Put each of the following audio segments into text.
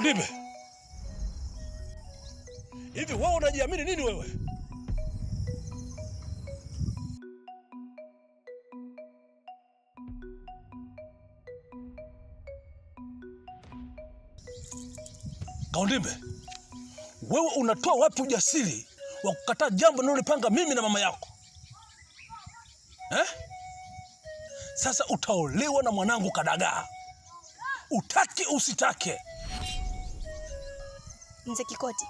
unipe hivi. Wewe unajiamini nini wewe? Kaundimbe, wewe unatoa wapi ujasiri wa kukataa jambo linalonipanga mimi na mama yako eh? Sasa utaolewa na mwanangu Kadagaa, utake usitake. Mzee Kikoti,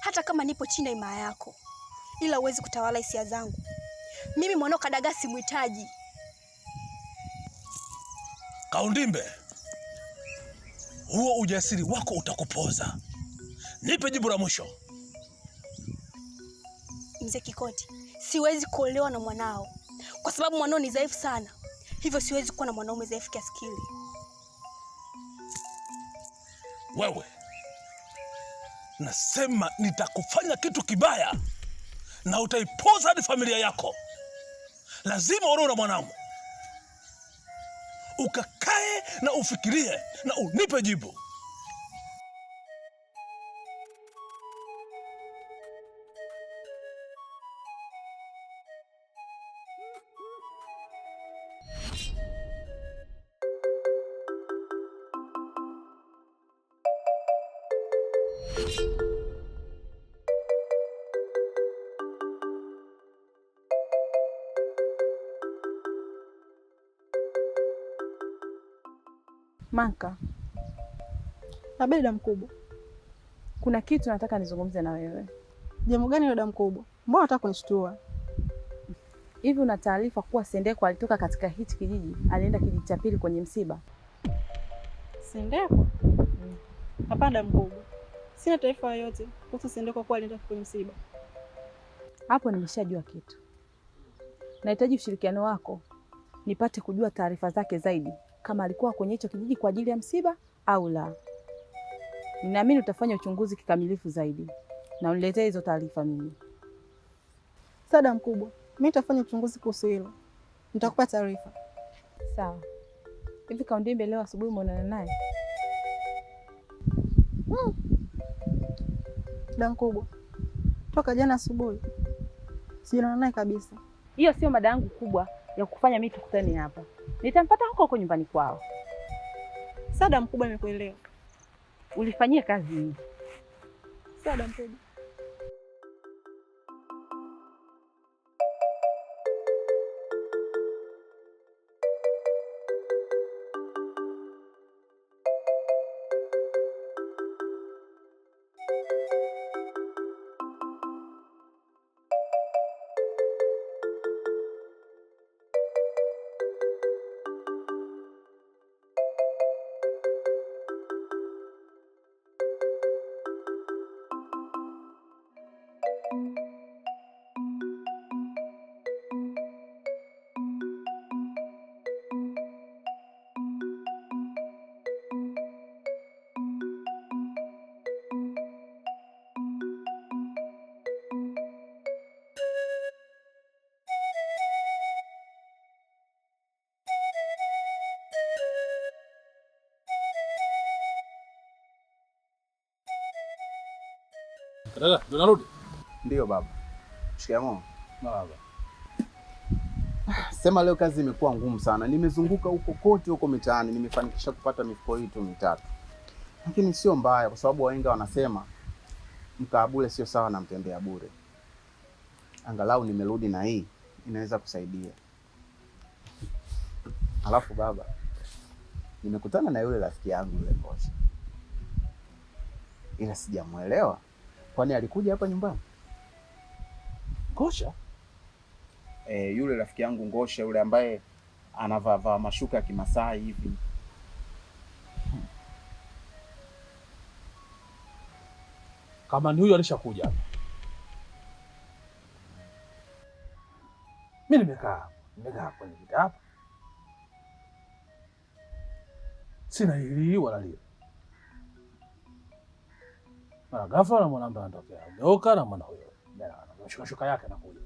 hata kama nipo chini ya himaya yako, ila huwezi kutawala hisia zangu. Mimi mwanao Kadagaa simhitaji. Kaundimbe, huo ujasiri wako utakupoza. Nipe jibu la mwisho. Mzee Kikoti, siwezi kuolewa na mwanao kwa sababu mwanao ni dhaifu sana, hivyo siwezi kuwa na mwanaume dhaifu kiasi kile. Wewe nasema nitakufanya kitu kibaya na utaipoza hadi familia yako. Lazima uroo na mwanangu, ukakae na ufikirie na unipe jibu. mwaka. Labda dada mkubwa, kuna kitu nataka nizungumze na wewe. Jambo gani dada mkubwa? Mbona unataka kunishtua hivi? Una taarifa kuwa Sendeko alitoka katika hichi kijiji, alienda kijiji cha pili kwenye msiba? Sendeko? Mm. Hapana dada mkubwa, sina taarifa yoyote kuhusu Sendeko kuwa alienda kwenye msiba. Hapo nimeshajua kitu. Nahitaji ushirikiano wako nipate kujua taarifa zake zaidi kama alikuwa kwenye hicho kijiji kwa ajili ya msiba au la. Ninaamini utafanya uchunguzi kikamilifu zaidi na uniletee hizo taarifa mimi. Sada mkubwa, mimi nitafanya uchunguzi kuhusu hilo, nitakupa taarifa. Sawa. Hivi Kaundimbe leo asubuhi umeonana naye? Hmm. Dada mkubwa, toka jana asubuhi sijaonana naye kabisa. Hiyo sio mada yangu kubwa ya kufanya mimi tukutane hapa nitampata huko huko nyumbani kwao. Sada mkubwa, nimekuelewa. Ulifanyia kazi nini? Sada mkubwa Dada, Ndio baba. Shikamoo. Baba. Sema leo kazi imekuwa ngumu sana. Nimezunguka huko kote huko mitaani, nimefanikisha kupata mifuko hii tu mitatu, lakini sio mbaya, kwa sababu wahenga wanasema mkaa bure sio sawa na mtembea bure. Angalau nimerudi na hii inaweza kusaidia. Alafu baba, nimekutana na yule rafiki yangu yule Posha, ila sijamwelewa Kwani alikuja hapa nyumbani Ngosha? E, yule rafiki yangu Ngosha yule ambaye anavaavaa mashuka ya Kimasai hivi Kama ni huyo alishakuja hapa, mi nimekaa nimekaa kwenye kitabu, sina hili wala lile mara ghafla na mwanambe anatokea. Geuka na mwana huyo. Anashuka shuka yake anakuja.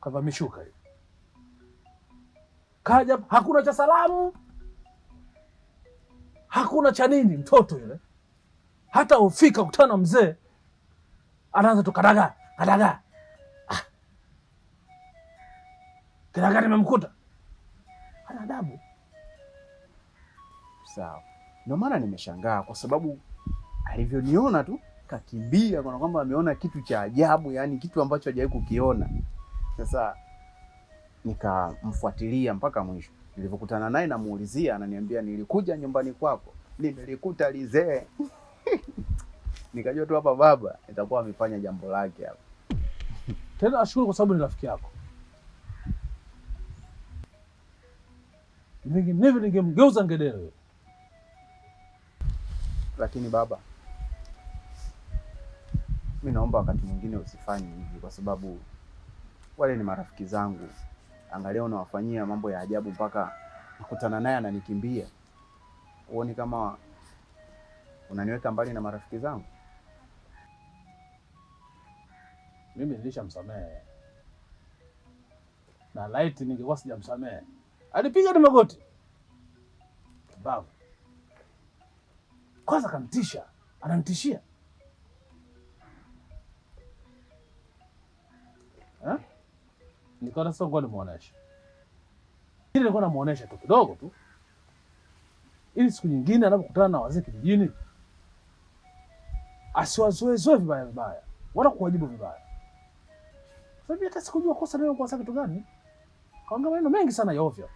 Kava mishuka hiyo. Kaja hakuna cha salamu. Hakuna cha nini mtoto yule. Hata ufika kutana mzee anaanza tu kadaga, kadaga. Ah. Kadaga nimemkuta. Ana adabu. Sawa. Ndio maana nimeshangaa kwa sababu alivyoniona tu kakimbia, kana kwamba ameona kitu cha ajabu, yani kitu ambacho hajawahi kukiona. Sasa nikamfuatilia mpaka mwisho. Nilivyokutana naye, namuulizia, ananiambia nilikuja nyumbani kwako nimelikuta lizee. Nikajua tu hapa baba itakuwa amefanya jambo lake hapa. Tena ashukuru kwa sababu ni rafiki yako, vinginevyo ningemgeuza ngedere. Lakini baba mi naomba wakati mwingine usifanye hivi, kwa sababu wale ni marafiki zangu. Angalia unawafanyia mambo ya ajabu mpaka nakutana naye ananikimbia. Huoni kama unaniweka mbali na marafiki zangu? Mimi nilishamsamehe na laiti ningekuwa sijamsamehe, alipiga ni magoti babu. Kwanza kanitisha, anantishia nikaona sasa ngoja nimuoneshe ile, nilikuwa namuonesha tu kidogo tu, ili siku nyingine anapokutana na wazee kijijini asiwazoezoe vibaya vibaya, wala kuwajibu vibaya. Sababu hata sikujua kosa leo kwa sababu gani, kaongea maneno mengi sana ya ovyo,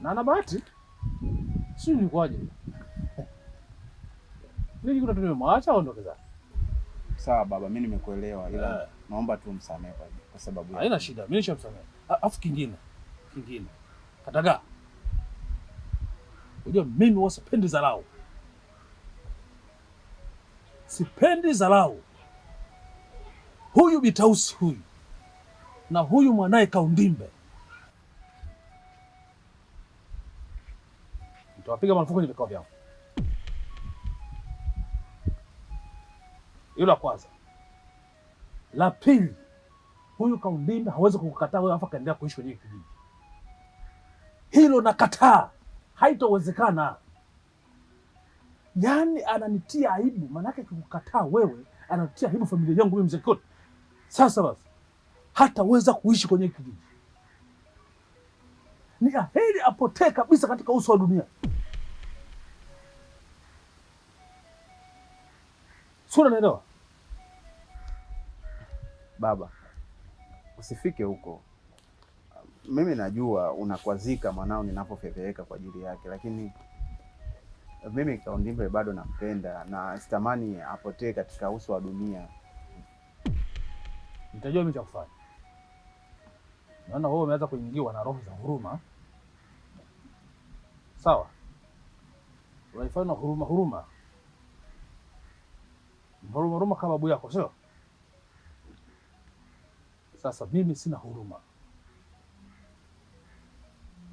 na na bahati si ni kwaje tu nimemwacha aondoke zake sawa baba, mimi nimekuelewa, ila yeah. naomba tu msamehe kwa, kwa sababu haina shida, mimi nishamsamehe. Afu kingine kingine, kataga unajua mimi wasipendi dharau, sipendi dharau. Huyu Bitausi huyu na huyu mwanaye Kaundimbe nitawapiga marufuku kwenye vikao vyao. Hilo la kwanza. La pili, huyu kaundimba hawezi kukukataa wewe, afa kaendelea kuishi kwenye kijiji hilo. Nakataa, haitowezekana. Yaani ananitia aibu, maanake kukukataa wewe anatia aibu familia yangu mimi, mzee Kikwete. Sasa basi hataweza kuishi kwenye kijiji, ni aheri apotee kabisa katika uso wa dunia. Sura naelewa Baba, usifike huko. Mimi najua unakwazika mwanao ninapofedheheka kwa ajili yake, lakini mimi Kaundimbe bado nampenda na sitamani apotee katika uso wa dunia. Nitajua mimi cha kufanya. Naona wewe umeanza kuingiwa na roho za huruma. Sawa, unaifanya huruma huruma huruma huruma kama babu yako, sio? Sasa mimi sina huruma,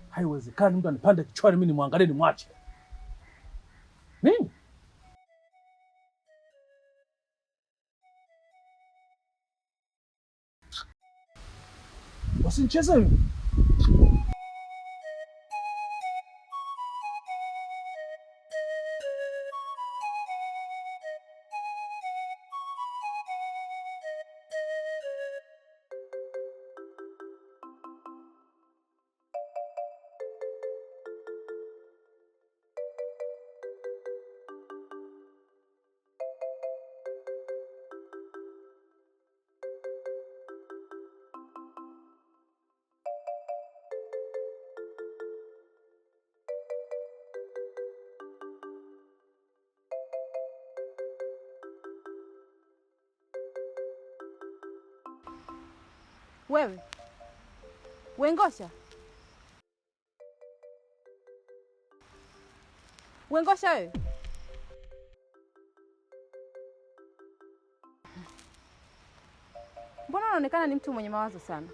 haiwezekani mtu anipande kichwani, mi nimwangalie, nimwache mimi wasincheze mimi Wewe Wengosha, Wengosha wewe, mbona unaonekana ni mtu mwenye mawazo sana?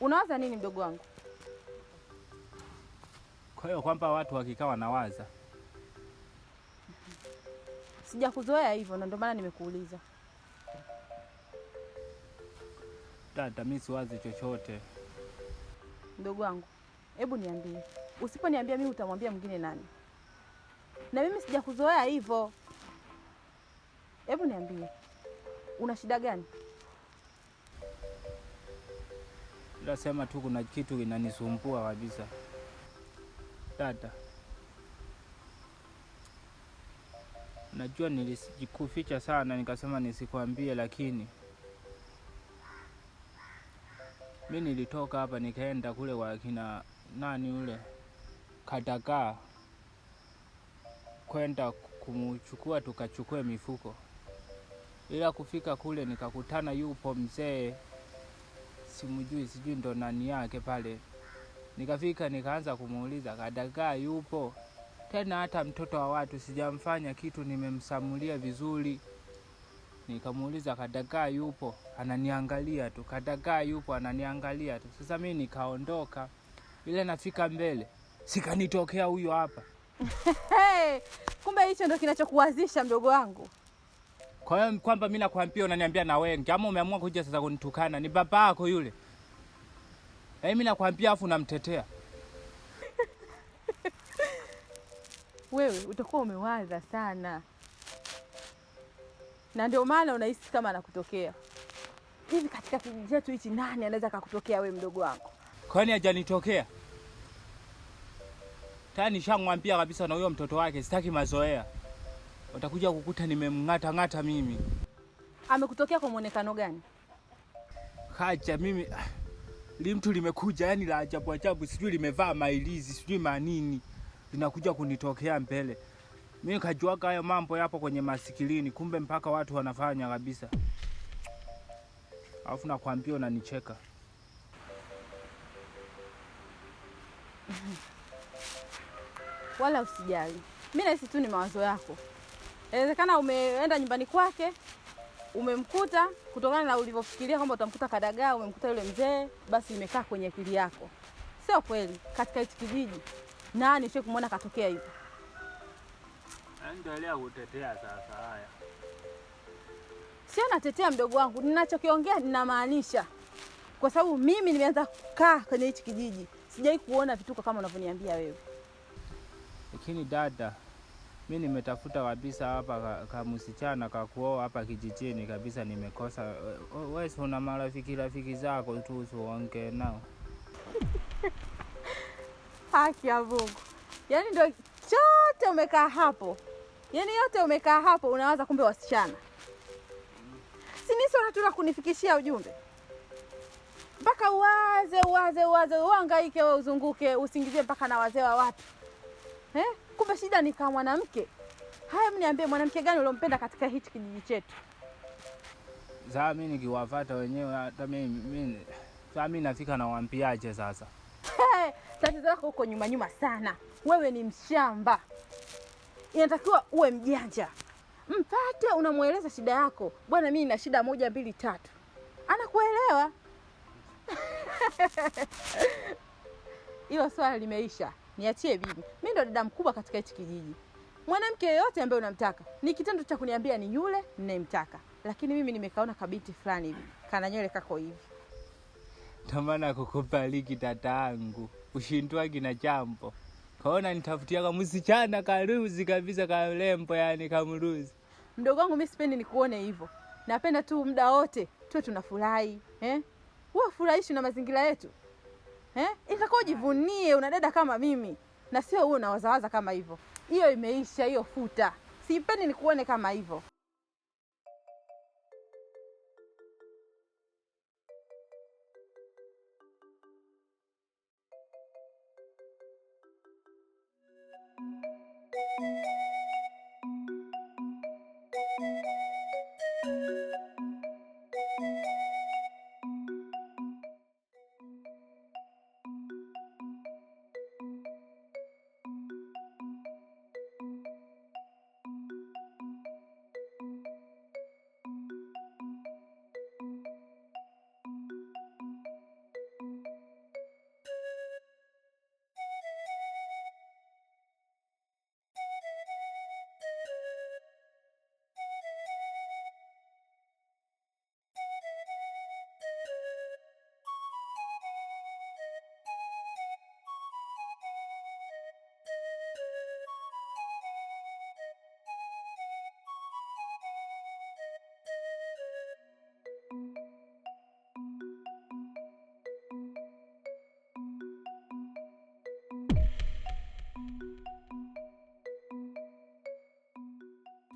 Unawaza nini mdogo wangu? Kwa hiyo kwamba watu wakikaa wanawaza? Sijakuzoea hivyo, na ndio maana nimekuuliza. Tata, mimi siwazi chochote. Ndugu wangu, hebu niambie, usiponiambia mimi utamwambia mwingine nani? Na mimi sijakuzoea hivyo. Hebu niambie, una shida gani? Nasema tu kuna kitu kinanisumbua kabisa tata. Najua nilikuficha sana, nikasema nisikwambie, lakini mi nilitoka hapa nikaenda kule kwa kina nani ule Katakaa kwenda kumuchukua tukachukue mifuko, ila kufika kule nikakutana yupo mzee simjui, sijui ndo nani yake pale. Nikafika nikaanza kumuuliza Kadagaa yupo tena, hata mtoto wa watu sijamfanya kitu, nimemsamulia vizuri. Nikamuuliza Kadagaa yupo ananiangalia tu, Kadagaa yupo ananiangalia tu. Sasa mi nikaondoka, ile nafika mbele sikanitokea huyo hapa hey, kumbe hicho ndo kinachokuwazisha mdogo wangu. Kwa hiyo kwamba mi nakwambia, unaniambia na wengi ama umeamua kuja sasa kunitukana? Ni baba yako yule. Hey, yaani mi nakwambia, afu namtetea wewe. Utakuwa umewaza sana na ndio maana unahisi kama anakutokea hivi. Katika kijiji chetu hichi, nani anaweza kakutokea we mdogo wangu? Kwani hajanitokea tani? Nishamwambia kabisa na huyo mtoto wake, sitaki mazoea. Utakuja kukuta nimemng'ata ng'ata mimi. Amekutokea kwa mwonekano gani? Kaja mimi ah, li mtu limekuja, yani la ajabu ajabu, sijui limevaa mailizi, sijui manini, linakuja kunitokea mbele mi kajuaga hayo mambo yapo kwenye masikilini, kumbe mpaka watu wanafanya kabisa. Alafu nakwambia unanicheka. Wala usijali, mi nahisi tu ni mawazo yako. Inawezekana umeenda nyumbani kwake umemkuta, kutokana na ulivyofikiria kwamba utamkuta Kadagaa, umemkuta yule mzee, basi imekaa kwenye akili yako. Sio kweli, katika hichi kijiji nani sio kumwona katokea hivyo? Endelea yaani kutetea sasa. Haya, sio natetea mdogo wangu, ninachokiongea ninamaanisha, kwa sababu mimi nimeanza kukaa kwenye hichi kijiji, sijai kuona vituko kama unavyoniambia wewe. Lakini dada, mi nimetafuta kabisa hapa kamsichana ka kakuoa hapa kijijini kabisa, nimekosa. Wewe una marafiki rafiki zako tu, usiongee nao haki ya Mungu, yaani ndio chote umekaa hapo Yaani yote umekaa hapo unawaza kumbe wasichana. Si nisi wanataka kunifikishia ujumbe. Mpaka uwaze uwaze uwaze uhangaike wewe uzunguke usingizie mpaka na wazee wa watu. Eh? Kumbe shida ni kama mwanamke. Haya, mniambie mwanamke gani uliompenda katika hichi kijiji chetu? Za mimi nikiwafuata wenyewe hata mimi mimi sasa mimi nafika na wampiaje sasa? Tatizo lako huko nyuma nyuma sana. Wewe ni mshamba inatakiwa uwe mjanja, mpate unamweleza shida yako, bwana, mimi na shida moja mbili tatu, anakuelewa. Hilo swala limeisha, niachie bibi. Mimi ndo dada mkubwa katika hichi kijiji. Mwanamke yeyote ambaye unamtaka ni kitendo cha kuniambia ni yule ninayemtaka, lakini mimi nimekaona kabinti fulani hivi kana nywele kako hivi. Tamana kukubariki tataangu, ushindwagi na jambo kaona nitafutia kamusichana karuzi kabisa kalembo, yani kamruzi. Mdogo wangu, mimi sipendi nikuone hivyo, napenda tu muda wote tuwe tunafurahi eh? Wewe furahishi na mazingira yetu eh? Itakuwa ujivunie una dada kama mimi na sio wewe unawazawaza kama hivyo. Hiyo imeisha hiyo, futa. Sipendi nikuone kama hivyo. thank you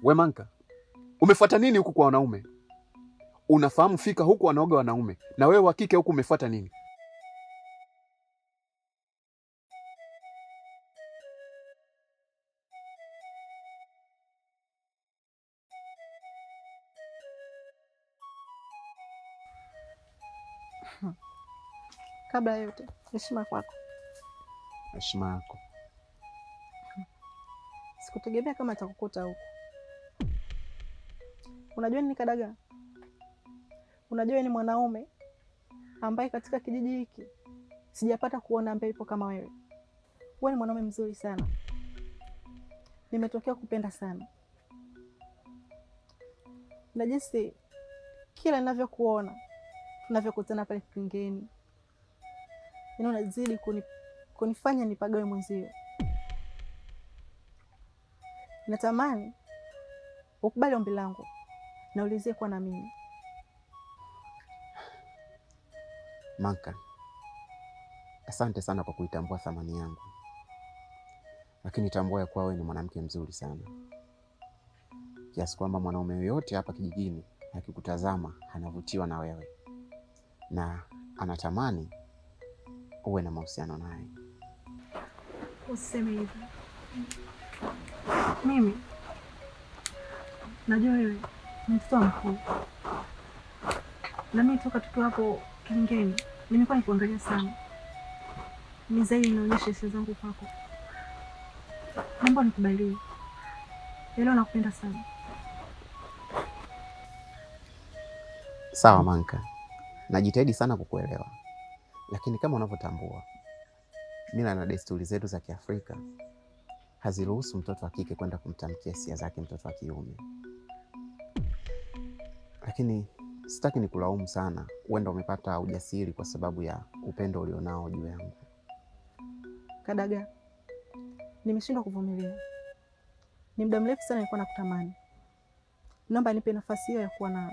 Wemanka, umefuata nini huku kwa wanaume? Unafahamu fika huku wanaoga wanaume, na wewe wa kike huku umefuata nini? Kabla yote heshima kwako. Heshima yako. Sikutegemea kama atakukuta huko. Unajua nini kadaga? Unajua ni mwanaume ambaye katika kijiji hiki sijapata kuona ambaye yupo kama wewe. Wewe ni mwanaume mzuri sana, nimetokea kupenda sana, na jinsi kila ninavyokuona tunavyokutana pale kingeni, yaani unazidi kuni, kunifanya nipagawe mwenzio. Natamani ukubali ombi langu naulizie kwa na mimi manka Asante sana kwa kuitambua thamani yangu, lakini tambua ya kuwa wewe ni mwanamke mzuri sana kiasi kwamba mwanaume yoyote hapa kijijini akikutazama anavutiwa na wewe na anatamani uwe na mahusiano naye. Usiseme hivyo, mimi najua wewe Msompo, nami toka tukiwa hapo kingeni nimekuwa nikuangalia sana, zaidi inaonyesha hisia zangu kwako. Naomba nikubalie, elewa, nakupenda sana. Sawa Manka, najitahidi sana kukuelewa, lakini kama unavyotambua mila na desturi zetu za Kiafrika haziruhusu mtoto wa kike kwenda kumtamkia hisia zake mtoto wa kiume lakini sitaki ni kulaumu sana, huenda umepata ujasiri kwa sababu ya upendo ulionao juu yangu. Kadaga, nimeshindwa kuvumilia, ni muda mrefu sana nilikuwa nakutamani. Naomba nipe nafasi hiyo ya kuwa na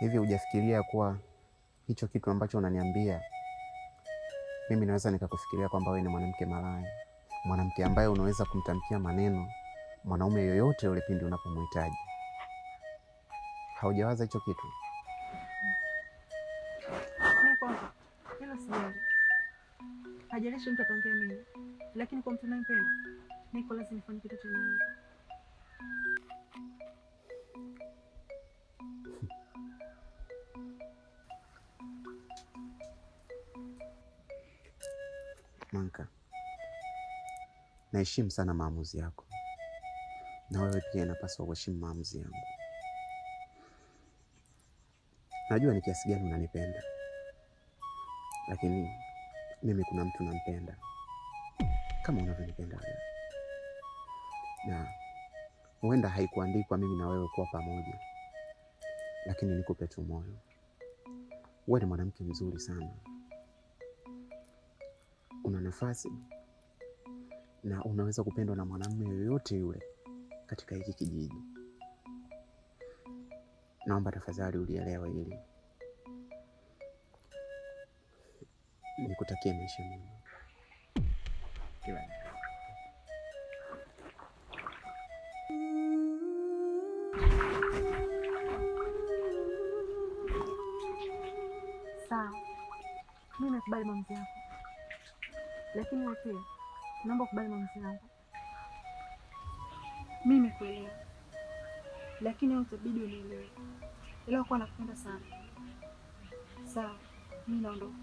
Hivi hujafikiria kuwa hicho kitu ambacho unaniambia mimi naweza nikakufikiria kwamba wewe ni mwanamke malaya, mwanamke ambaye unaweza kumtamkia maneno mwanaume yoyote yule pindi unapomhitaji? haujawaza hicho kitu? Hajalishi mtu nini, lakini kwa mtu niko lazima nifanye kitu cha Manka, naheshimu sana maamuzi yako, na wewe pia inapaswa kuheshimu maamuzi yangu. Najua ni kiasi gani unanipenda, lakini mimi kuna mtu nampenda kama unavyonipenda wewe, na huenda haikuandikwa mimi na wewe kuwa pamoja, lakini nikupe tu moyo. Wewe ni mwanamke mzuri sana, una nafasi na unaweza kupendwa na mwanamume yoyote yule katika hiki kijiji naomba tafadhali ulielewa hili. Nikutakie maisha mema, sawa. mi nakubali maamuzi yako, lakini wakia, naomba kubali maamuzi yangu. Mimi kuelewa lakini utabidi unielewe. Ila kuwa nakupenda sana. Sawa, mimi naondoka.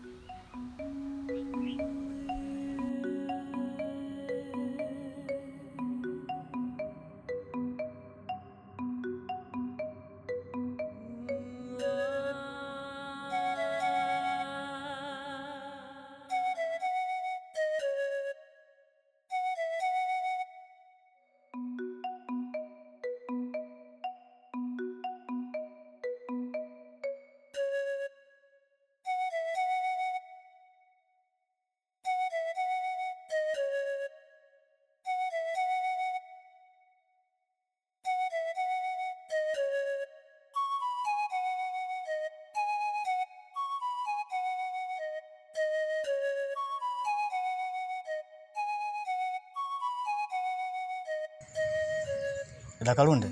Dada Kalunde,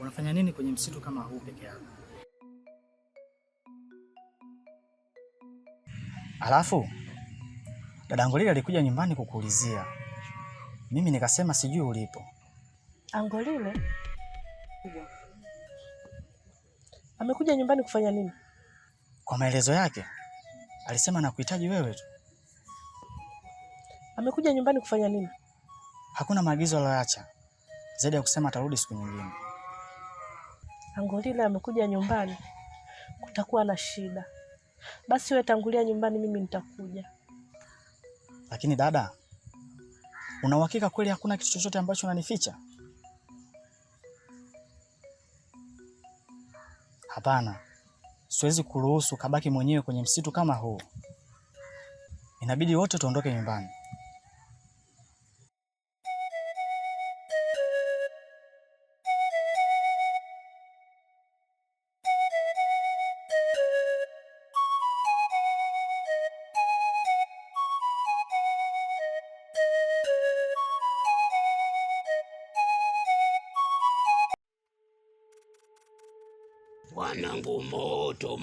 unafanya nini kwenye msitu kama huu peke yako? Alafu dada Angolile alikuja nyumbani kukuulizia, mimi nikasema sijui ulipo. Angolile amekuja nyumbani kufanya nini? Kwa maelezo yake alisema nakuhitaji wewe tu. Amekuja nyumbani kufanya nini? Hakuna maagizo aliyoacha zaidi ya kusema atarudi siku nyingine. Angolila amekuja nyumbani, kutakuwa na shida. Basi wewe tangulia nyumbani, mimi nitakuja. Lakini dada, una uhakika kweli hakuna kitu chochote ambacho unanificha? Hapana, siwezi kuruhusu kabaki mwenyewe kwenye msitu kama huu. Inabidi wote tuondoke nyumbani.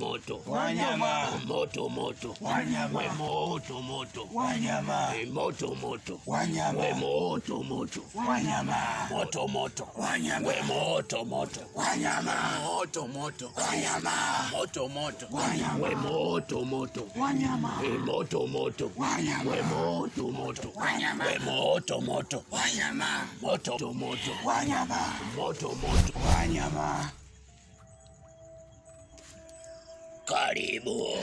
moto wanyama, moto moto wanyama, we moto moto wanyama, we moto moto wanyama, we moto moto wanyama, moto moto wanyama, we moto moto wanyama, moto moto wanyama, moto moto wanyama, we moto moto wanyama, we moto moto wanyama, we moto moto wanyama, we moto moto wanyama, moto moto wanyama, moto moto wanyama Karibu.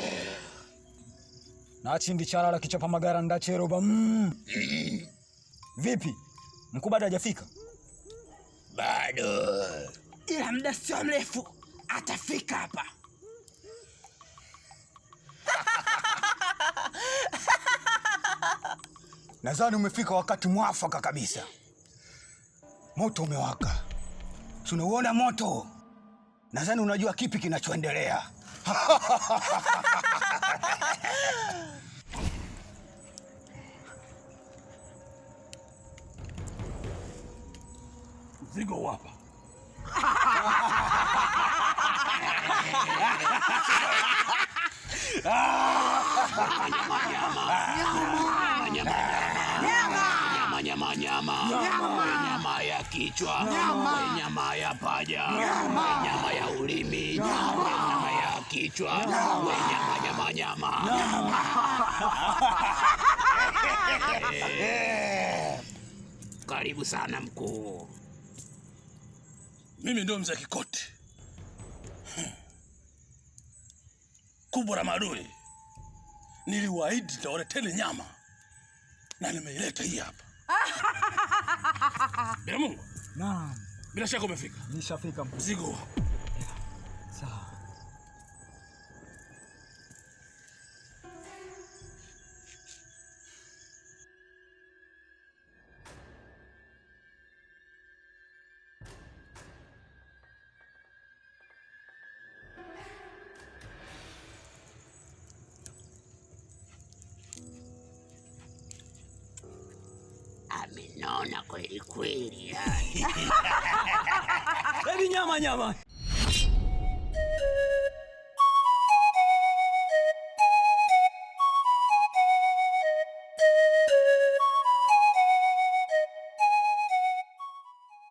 Nachi ndi kichapa magara ndache roba. Mm. Mm. Vipi? Mkuu bado hajafika? Bado. Ila muda sio mrefu atafika hapa. Nadhani umefika wakati mwafaka kabisa. Moto umewaka. Tunauona moto. Nadhani unajua kipi kinachoendelea. Mzigo wapa nyama ya kichwa, nyama ya paja, nyama ya ulimi kichwa we nyama nyama nyama. Karibu sana mkuu. Mimi ndio mzee Kikoti kubwa la maadui. Niliwaahidi nitawaleteni nyama na nimeileta hii hapa. Bila Mungu, naam, bila shaka umefika. Nishafika mkuu, mzigo